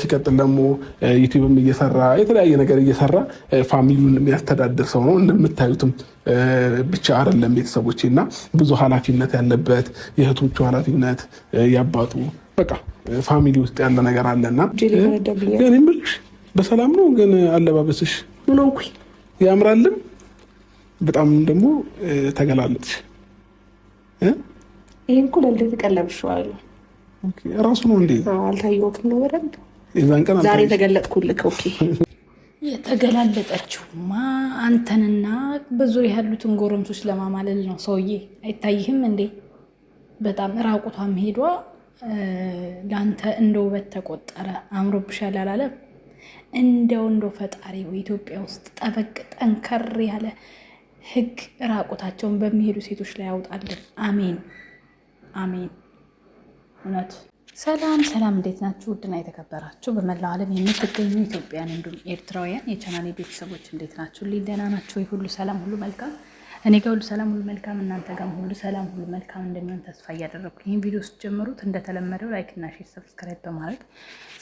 ሲቀጥል ደግሞ ዩቲዩብም እየሰራ የተለያየ ነገር እየሰራ ፋሚሊውን የሚያስተዳድር ሰው ነው። እንደምታዩትም ብቻ አይደለም ቤተሰቦቼ እና ብዙ ኃላፊነት ያለበት የእህቶቹ ኃላፊነት ያባጡ በቃ ፋሚሊ ውስጥ ያለ ነገር አለና ግን በሰላም ነው ግን አለባበስሽ ምነው ያምራልም በጣም ደግሞ ተገላለጥሽ። ይህን እኮ ለልደት ራሱ ነው እንዴ? አልታየሁትም ነው በደንብ የዛን ቀን ዛሬ የተገለጥኩልክ። ኦኬ የተገላለጠችውማ አንተንና በዙሪያ ያሉትን ጎረምሶች ለማማለል ነው። ሰውዬ አይታይህም እንዴ? በጣም ራቁቷ መሄዷ ለአንተ እንደ ውበት ተቆጠረ። አምሮብሻል አላለም? እንደው እንደው ፈጣሪ ኢትዮጵያ ውስጥ ጠበቅ ጠንከር ያለ ህግ ራቁታቸውን በሚሄዱ ሴቶች ላይ ያውጣልን። አሜን አሜን። እውነት ሰላም ሰላም፣ እንዴት ናችሁ? ውድና የተከበራችሁ በመላው ዓለም የምትገኙ ኢትዮጵያን እንዲሁም ኤርትራውያን የቻናሌ ቤተሰቦች እንዴት ናችሁ? ልኝ ደህና ናችሁ? ሁሉ ሰላም፣ ሁሉ መልካም። እኔ ጋር ሁሉ ሰላም፣ ሁሉ መልካም። እናንተ ጋር ሁሉ ሰላም፣ ሁሉ መልካም እንደሚሆን ተስፋ እያደረግኩ ይህን ቪዲዮ ስትጀምሩት እንደተለመደው ላይክና ሼር፣ ሰብስክራይብ በማድረግ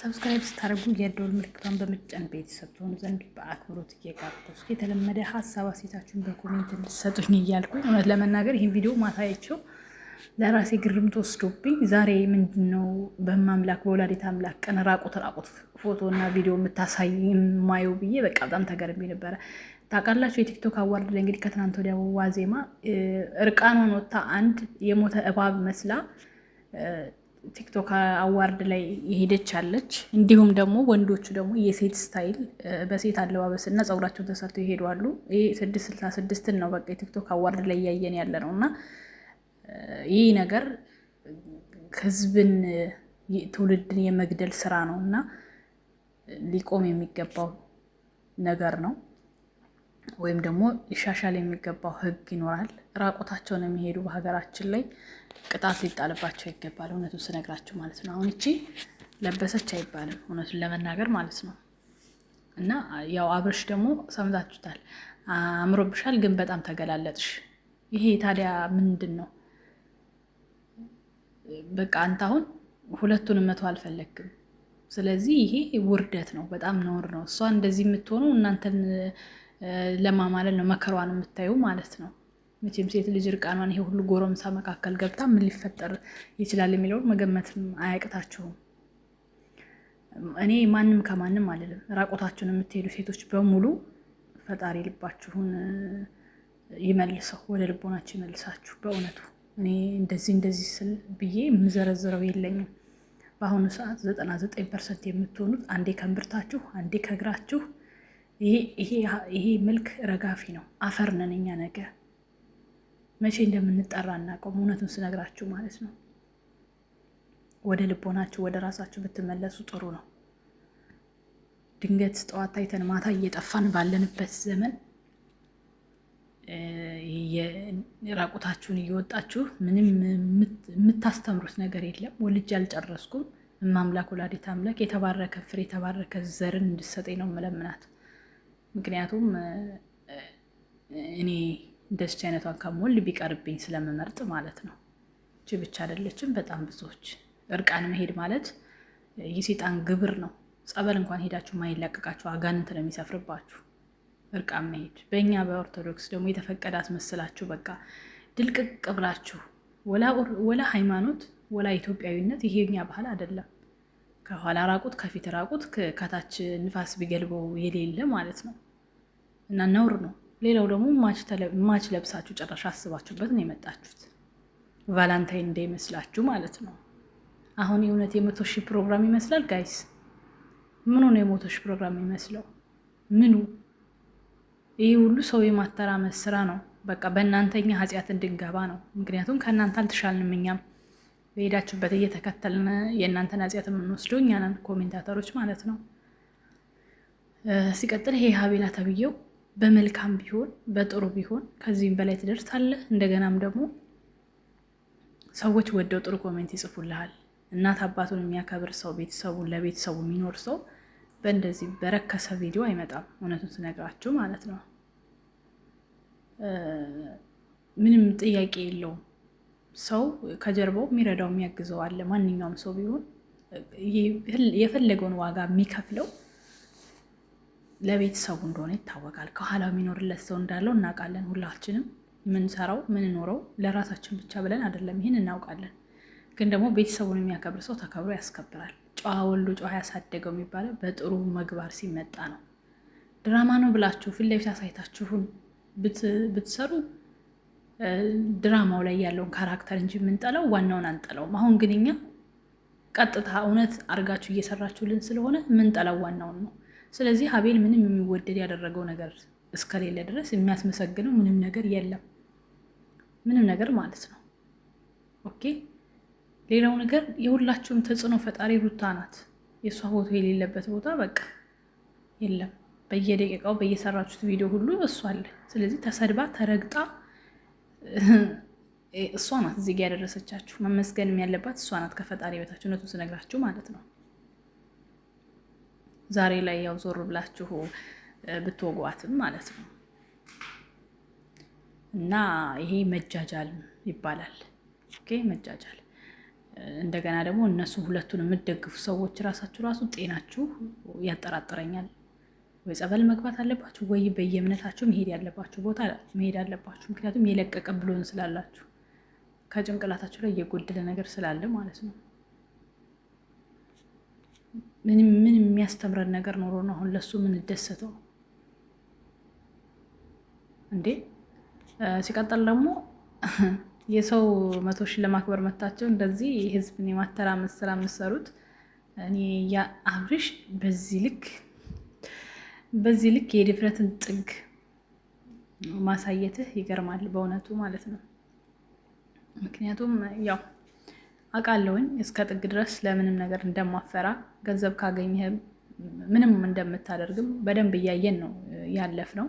ሰብስክራይብ ስታደርጉ የደወል ምልክቷን በመጫን ቤተሰብ ትሆኑ ዘንድ በአክብሮት እየጋበዝኩ የተለመደ ሀሳብ አሴታችሁን በኮሜንት እንድትሰጡኝ እያልኩኝ እውነት ለመናገር ይህን ቪዲዮ ማታያቸው ለራሴ ግርምት ወስዶብኝ ዛሬ ምንድን ነው በማምላክ በወላዲት አምላክ ቀን ራቁት ራቁት ፎቶ እና ቪዲዮ የምታሳይ የማየው ብዬ በቃ በጣም ተገርሜ ነበረ። ታውቃላችሁ የቲክቶክ አዋርድ ላይ እንግዲህ ከትናንት ወዲያ ዋዜማ እርቃኗን ወጥታ አንድ የሞተ እባብ መስላ ቲክቶክ አዋርድ ላይ የሄደች አለች። እንዲሁም ደግሞ ወንዶቹ ደግሞ የሴት ስታይል በሴት አለባበስ እና ጸጉራቸውን ተሰርተው ይሄዳሉ። ይሄ ስድስት ስልሳ ስድስትን ነው በቃ የቲክቶክ አዋርድ ላይ እያየን ያለ ነው እና ይህ ነገር ህዝብን ትውልድን የመግደል ስራ ነው እና ሊቆም የሚገባው ነገር ነው። ወይም ደግሞ ሊሻሻል የሚገባው ህግ ይኖራል። ራቆታቸውን የሚሄዱ በሀገራችን ላይ ቅጣት ሊጣልባቸው ይገባል። እውነቱን ስነግራችሁ ማለት ነው። አሁን እቺ ለበሰች አይባልም፣ እውነቱን ለመናገር ማለት ነው። እና ያው አብርሽ ደግሞ ሰምታችሁታል፣ አምሮብሻል፣ ግን በጣም ተገላለጥሽ። ይሄ ታዲያ ምንድን ነው? በቃ አንተ አሁን ሁለቱንም መቶ አልፈለግክም። ስለዚህ ይሄ ውርደት ነው፣ በጣም ነውር ነው። እሷ እንደዚህ የምትሆነው እናንተን ለማማለል ነው፣ መከሯን የምታዩ ማለት ነው። መቼም ሴት ልጅ እርቃኗን ይሄ ሁሉ ጎረምሳ መካከል ገብታ ምን ሊፈጠር ይችላል የሚለውን መገመትም አያቅታችሁም። እኔ ማንም ከማንም አልልም። ራቆታችሁን የምትሄዱ ሴቶች በሙሉ ፈጣሪ ልባችሁን ይመልሰው፣ ወደ ልቦናችሁ ይመልሳችሁ በእውነቱ። እኔ እንደዚህ እንደዚህ ስል ብዬ የምዘረዝረው የለኝም። በአሁኑ ሰዓት ዘጠና ዘጠኝ ፐርሰንት የምትሆኑት አንዴ ከእምብርታችሁ አንዴ ከእግራችሁ ይሄ መልክ ረጋፊ ነው። አፈር ነን እኛ። ነገ መቼ እንደምንጠራ እናቀም። እውነቱን ስነግራችሁ ማለት ነው። ወደ ልቦናችሁ ወደ ራሳችሁ ብትመለሱ ጥሩ ነው። ድንገት ጠዋት ታይተን ማታ እየጠፋን ባለንበት ዘመን ራቁታችሁን እየወጣችሁ ምንም የምታስተምሩት ነገር የለም። ወልጅ አልጨረስኩም። እማምላክ ወላዲተ አምላክ የተባረከ ፍሬ የተባረከ ዘርን እንድሰጠኝ ነው የምለምናት። ምክንያቱም እኔ እንደዚች አይነቷን ከሞል ቢቀርብኝ ስለምመርጥ ማለት ነው። እች ብቻ አይደለችም፣ በጣም ብዙዎች። እርቃን መሄድ ማለት የሴጣን ግብር ነው። ጸበል እንኳን ሄዳችሁ ማይለቀቃችሁ አጋንንት ነው የሚሰፍርባችሁ። እርቃ መሄድ በእኛ በኦርቶዶክስ ደግሞ የተፈቀደ አስመስላችሁ በቃ ድልቅቅ ብላችሁ ወላ ሃይማኖት ወላ ኢትዮጵያዊነት ይሄ የኛ ባህል አይደለም። ከኋላ ራቁት፣ ከፊት ራቁት፣ ከታች ንፋስ ቢገልበው የሌለ ማለት ነው እና ነውር ነው። ሌላው ደግሞ ማች ለብሳችሁ ጭራሽ አስባችሁበት ነው የመጣችሁት። ቫላንታይን እንዳይመስላችሁ ማለት ነው። አሁን የእውነት የመቶ ሺህ ፕሮግራም ይመስላል ጋይስ። ምኑ ነው የመቶ ሺህ ፕሮግራም የሚመስለው ምኑ? ይህ ሁሉ ሰው የማተራመስ ስራ ነው። በቃ በእናንተኛ ኃጢአት እንድንገባ ነው። ምክንያቱም ከእናንተ አልተሻልንም። እኛም በሄዳችሁበት እየተከተልን የእናንተን ኃጢአት የምንወስደው እኛ ኮሜንታተሮች ማለት ነው። ሲቀጥል ይሄ ሀቤላ ተብዬው በመልካም ቢሆን በጥሩ ቢሆን ከዚህም በላይ ትደርሳለህ። እንደገናም ደግሞ ሰዎች ወደው ጥሩ ኮሜንት ይጽፉልሃል። እናት አባቱን የሚያከብር ሰው ቤተሰቡን ለቤተሰቡ የሚኖር ሰው በእንደዚህ በረከሰ ቪዲዮ አይመጣም። እውነቱን ስነግራችሁ ማለት ነው። ምንም ጥያቄ የለውም። ሰው ከጀርባው የሚረዳው የሚያግዘው አለ። ማንኛውም ሰው ቢሆን የፈለገውን ዋጋ የሚከፍለው ለቤተሰቡ እንደሆነ ይታወቃል። ከኋላ የሚኖርለት ሰው እንዳለው እናውቃለን። ሁላችንም ምንሰራው ምንኖረው ለራሳችን ብቻ ብለን አይደለም፣ ይህን እናውቃለን። ግን ደግሞ ቤተሰቡን የሚያከብር ሰው ተከብሮ ያስከብራል። ጨዋ ወልዶ ጨዋ ያሳደገው የሚባለው በጥሩ መግባር ሲመጣ ነው። ድራማ ነው ብላችሁ ፊት ለፊት አሳይታችሁን ብትሰሩ ድራማው ላይ ያለውን ካራክተር እንጂ የምንጠላው ዋናውን አንጠላውም። አሁን ግን እኛ ቀጥታ እውነት አድርጋችሁ እየሰራችሁልን ስለሆነ የምንጠላው ዋናውን ነው። ስለዚህ ሀቤል ምንም የሚወደድ ያደረገው ነገር እስከሌለ ድረስ የሚያስመሰግነው ምንም ነገር የለም፣ ምንም ነገር ማለት ነው። ኦኬ። ሌላው ነገር የሁላችሁም ተጽዕኖ ፈጣሪ ሩታ ናት። የእሷ ፎቶ የሌለበት ቦታ በቃ የለም። በየደቂቃው በየሰራችሁት ቪዲዮ ሁሉ እሷ አለ። ስለዚህ ተሰድባ ተረግጣ እሷ ናት እዚህ ጋ ያደረሰቻችሁ። መመስገንም ያለባት እሷ ናት ከፈጣሪ ቤታችሁ እውነቱን ስነግራችሁ ማለት ነው። ዛሬ ላይ ያው ዞር ብላችሁ ብትወጓትም ማለት ነው እና ይሄ መጃጃል ይባላል። ኦኬ መጃጃል። እንደገና ደግሞ እነሱ ሁለቱን የምትደግፉ ሰዎች ራሳችሁ ራሱ ጤናችሁ ያጠራጥረኛል። ወይ ጸበል መግባት አለባችሁ ወይ በየእምነታችሁ መሄድ ያለባችሁ ቦታ መሄድ አለባችሁ። ምክንያቱም የለቀቀ ብሎን ስላላችሁ ከጭንቅላታችሁ ላይ የጎደለ ነገር ስላለ ማለት ነው። ምን የሚያስተምረን ነገር ኖሮ ነው አሁን ለሱ ምንደሰተው እንዴ? ሲቀጥል ደግሞ የሰው መቶ ሺህ ለማክበር መታቸው እንደዚህ ህዝብን የማተራመስ ስራ የምትሰሩት እኔ ያ አብርሽ በዚህ ልክ በዚህ ልክ የድፍረትን ጥግ ማሳየትህ ይገርማል በእውነቱ ማለት ነው። ምክንያቱም ያው አውቃለሁኝ እስከ ጥግ ድረስ ለምንም ነገር እንደማፈራ ገንዘብ ካገኘህ ምንም እንደምታደርግም በደንብ እያየን ነው ያለፍ ነው።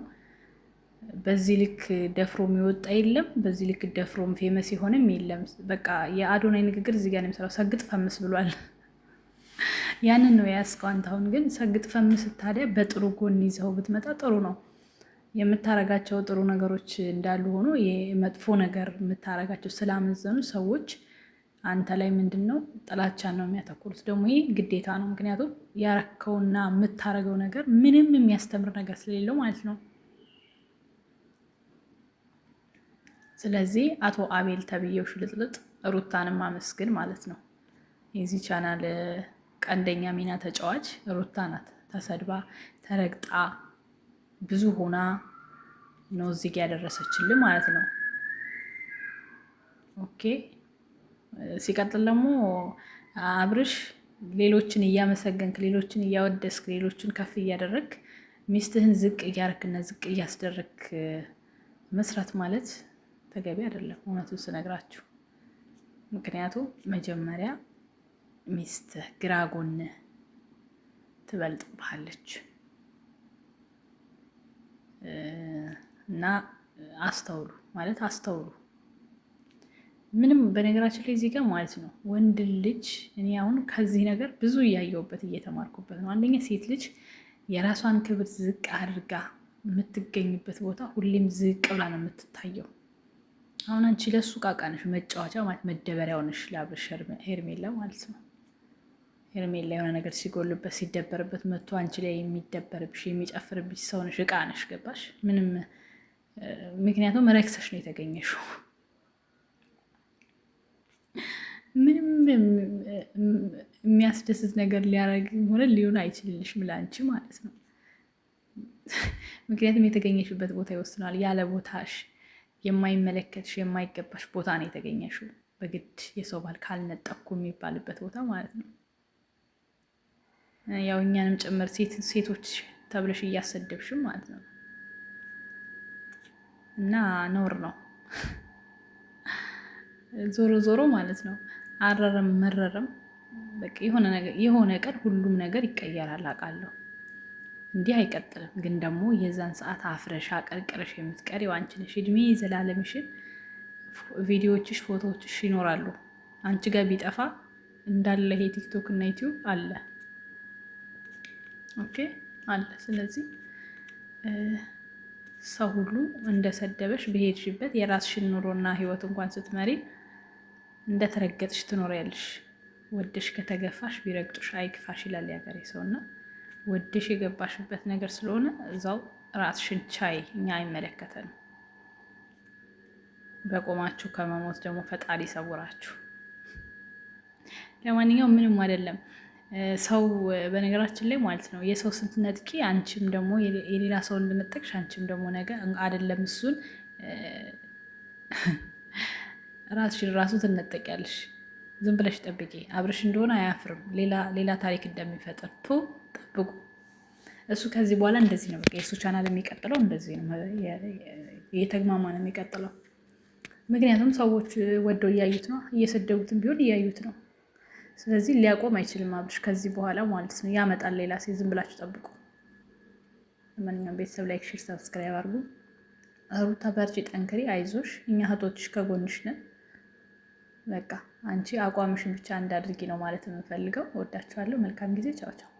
በዚህ ልክ ደፍሮ የሚወጣ የለም። በዚህ ልክ ደፍሮም ፌመስ የሆንም የለም። በቃ የአዶናይ ንግግር እዚህ ጋር ነው የሚሰራው። ሰግጥ ፈምስ ብሏል። ያንን ነው የያዝከው። አንተ አሁን ግን ሰግጥ ፈምስ ታዲያ በጥሩ ጎን ይዘው ብትመጣ ጥሩ ነው። የምታረጋቸው ጥሩ ነገሮች እንዳሉ ሆኖ የመጥፎ ነገር የምታረጋቸው ስላመዘኑ ሰዎች አንተ ላይ ምንድን ነው ጥላቻን ነው የሚያተኩሩት። ደግሞ ይህ ግዴታ ነው፣ ምክንያቱም ያረከውና የምታረገው ነገር ምንም የሚያስተምር ነገር ስለሌለው ማለት ነው። ስለዚህ አቶ አቤል ተብዬው ሽልጥልጥ ሩታንም አመስግን ማለት ነው የዚህ ቻናል ቀንደኛ ሚና ተጫዋች ሩታ ናት። ተሰድባ ተረግጣ ብዙ ሆና ነው እዚህ ያደረሰችልን ማለት ነው። ኦኬ ሲቀጥል ደግሞ አብርሽ ሌሎችን እያመሰገንክ ሌሎችን እያወደስክ ሌሎችን ከፍ እያደረግክ ሚስትህን ዝቅ እያረክና ዝቅ እያስደረግ መስራት ማለት ተገቢ አይደለም፣ እውነቱን ስነግራችሁ። ምክንያቱም መጀመሪያ ሚስትህ ግራ ጎንህ ትበልጥብሃለች እና አስተውሉ ማለት አስተውሉ። ምንም በነገራችን ላይ እዚህ ጋር ማለት ነው ወንድ ልጅ እኔ አሁን ከዚህ ነገር ብዙ እያየሁበት እየተማርኩበት ነው። አንደኛ ሴት ልጅ የራሷን ክብር ዝቅ አድርጋ የምትገኝበት ቦታ ሁሌም ዝቅ ብላ ነው የምትታየው። አሁን አንቺ ለሱ ቃቃ ነሽ፣ መጫወቻ ማለት መደበሪያው ነሽ ለአብርሽ ሄርሜላ ማለት ነው። ሄርሜላ የሆነ ነገር ሲጎልበት ሲደበርበት መቶ አንቺ ላይ የሚደበርብሽ የሚጨፍርብሽ ሰው ነሽ፣ እቃ ነሽ። ገባሽ? ምንም ምክንያቱም ረክሰሽ ነው የተገኘሽው። ምንም የሚያስደስት ነገር ሊያረግ ሆነ ሊሆን አይችልልሽም ለአንቺ ማለት ነው። ምክንያቱም የተገኘሽበት ቦታ ይወስናል። ያለ ቦታሽ የማይመለከትሽ የማይገባሽ ቦታ ነው የተገኘሽው። በግድ የሰው ባል ካልነጠኩ የሚባልበት ቦታ ማለት ነው። ያው እኛንም ጭምር ሴቶች ተብለሽ እያሰደብሽም ማለት ነው እና ኖር ነው። ዞሮ ዞሮ ማለት ነው አረረም መረረም በቃ የሆነ ቀን ሁሉም ነገር ይቀየራል አውቃለሁ። እንዲህ አይቀጥልም። ግን ደግሞ የዛን ሰዓት አፍረሽ አቀርቅረሽ የምትቀሪው አንቺ ነሽ። እድሜ የዘላለምሽን ቪዲዮዎችሽ፣ ፎቶዎችሽ ይኖራሉ። አንቺ ጋር ቢጠፋ እንዳለ ይሄ ቲክቶክ እና ዩቲዩብ አለ ኦኬ አለ። ስለዚህ ሰው ሁሉ እንደሰደበሽ በሄድሽበት የራስሽን ኑሮና ህይወት እንኳን ስትመሪ እንደተረገጥሽ ትኖሪያለሽ። ወደሽ ከተገፋሽ ቢረግጡሽ አይክፋሽ ይላል ያገሬ ሰውና ወደሽ የገባሽበት ነገር ስለሆነ እዛው ራስሽን ቻይ። እኛ አይመለከተንም። በቆማችሁ ከመሞት ደግሞ ፈጣሪ ይሰውራችሁ። ለማንኛውም ምንም አይደለም። ሰው በነገራችን ላይ ማለት ነው የሰው ነጥቂ አንቺም ደግሞ የሌላ ሰው እንደነጠቅሽ አንቺም ደግሞ ነገ አይደለም እሱን ራስሽን ራሱ ትነጠቂያለሽ። ዝም ብለሽ ጠብቂ። አብረሽ እንደሆነ አያፍርም። ሌላ ታሪክ እንደሚፈጥር ቱ ጠብቁ። እሱ ከዚህ በኋላ እንደዚህ ነው። በቃ የእሱ ቻናል የሚቀጥለው እንደዚህ ነው። የተግማማ ነው የሚቀጥለው። ምክንያቱም ሰዎች ወደው እያዩት ነው፣ እየሰደጉትም ቢሆን እያዩት ነው። ስለዚህ ሊያቆም አይችልም አብርሽ ከዚህ በኋላ ማለት ነው። ያመጣል ሌላ ሴት። ዝም ብላችሁ ጠብቁ። ማንኛውም ቤተሰብ ላይክ፣ ሼር፣ ሰብስክራይብ አድርጉ። ሩታ በርቺ፣ ጠንክሪ፣ አይዞሽ፣ እኛ እህቶችሽ ከጎንሽ ነን። በቃ አንቺ አቋምሽን ብቻ እንዳድርጊ ነው ማለት የምፈልገው። ወዳችኋለሁ። መልካም ጊዜ። ቻው ቻው።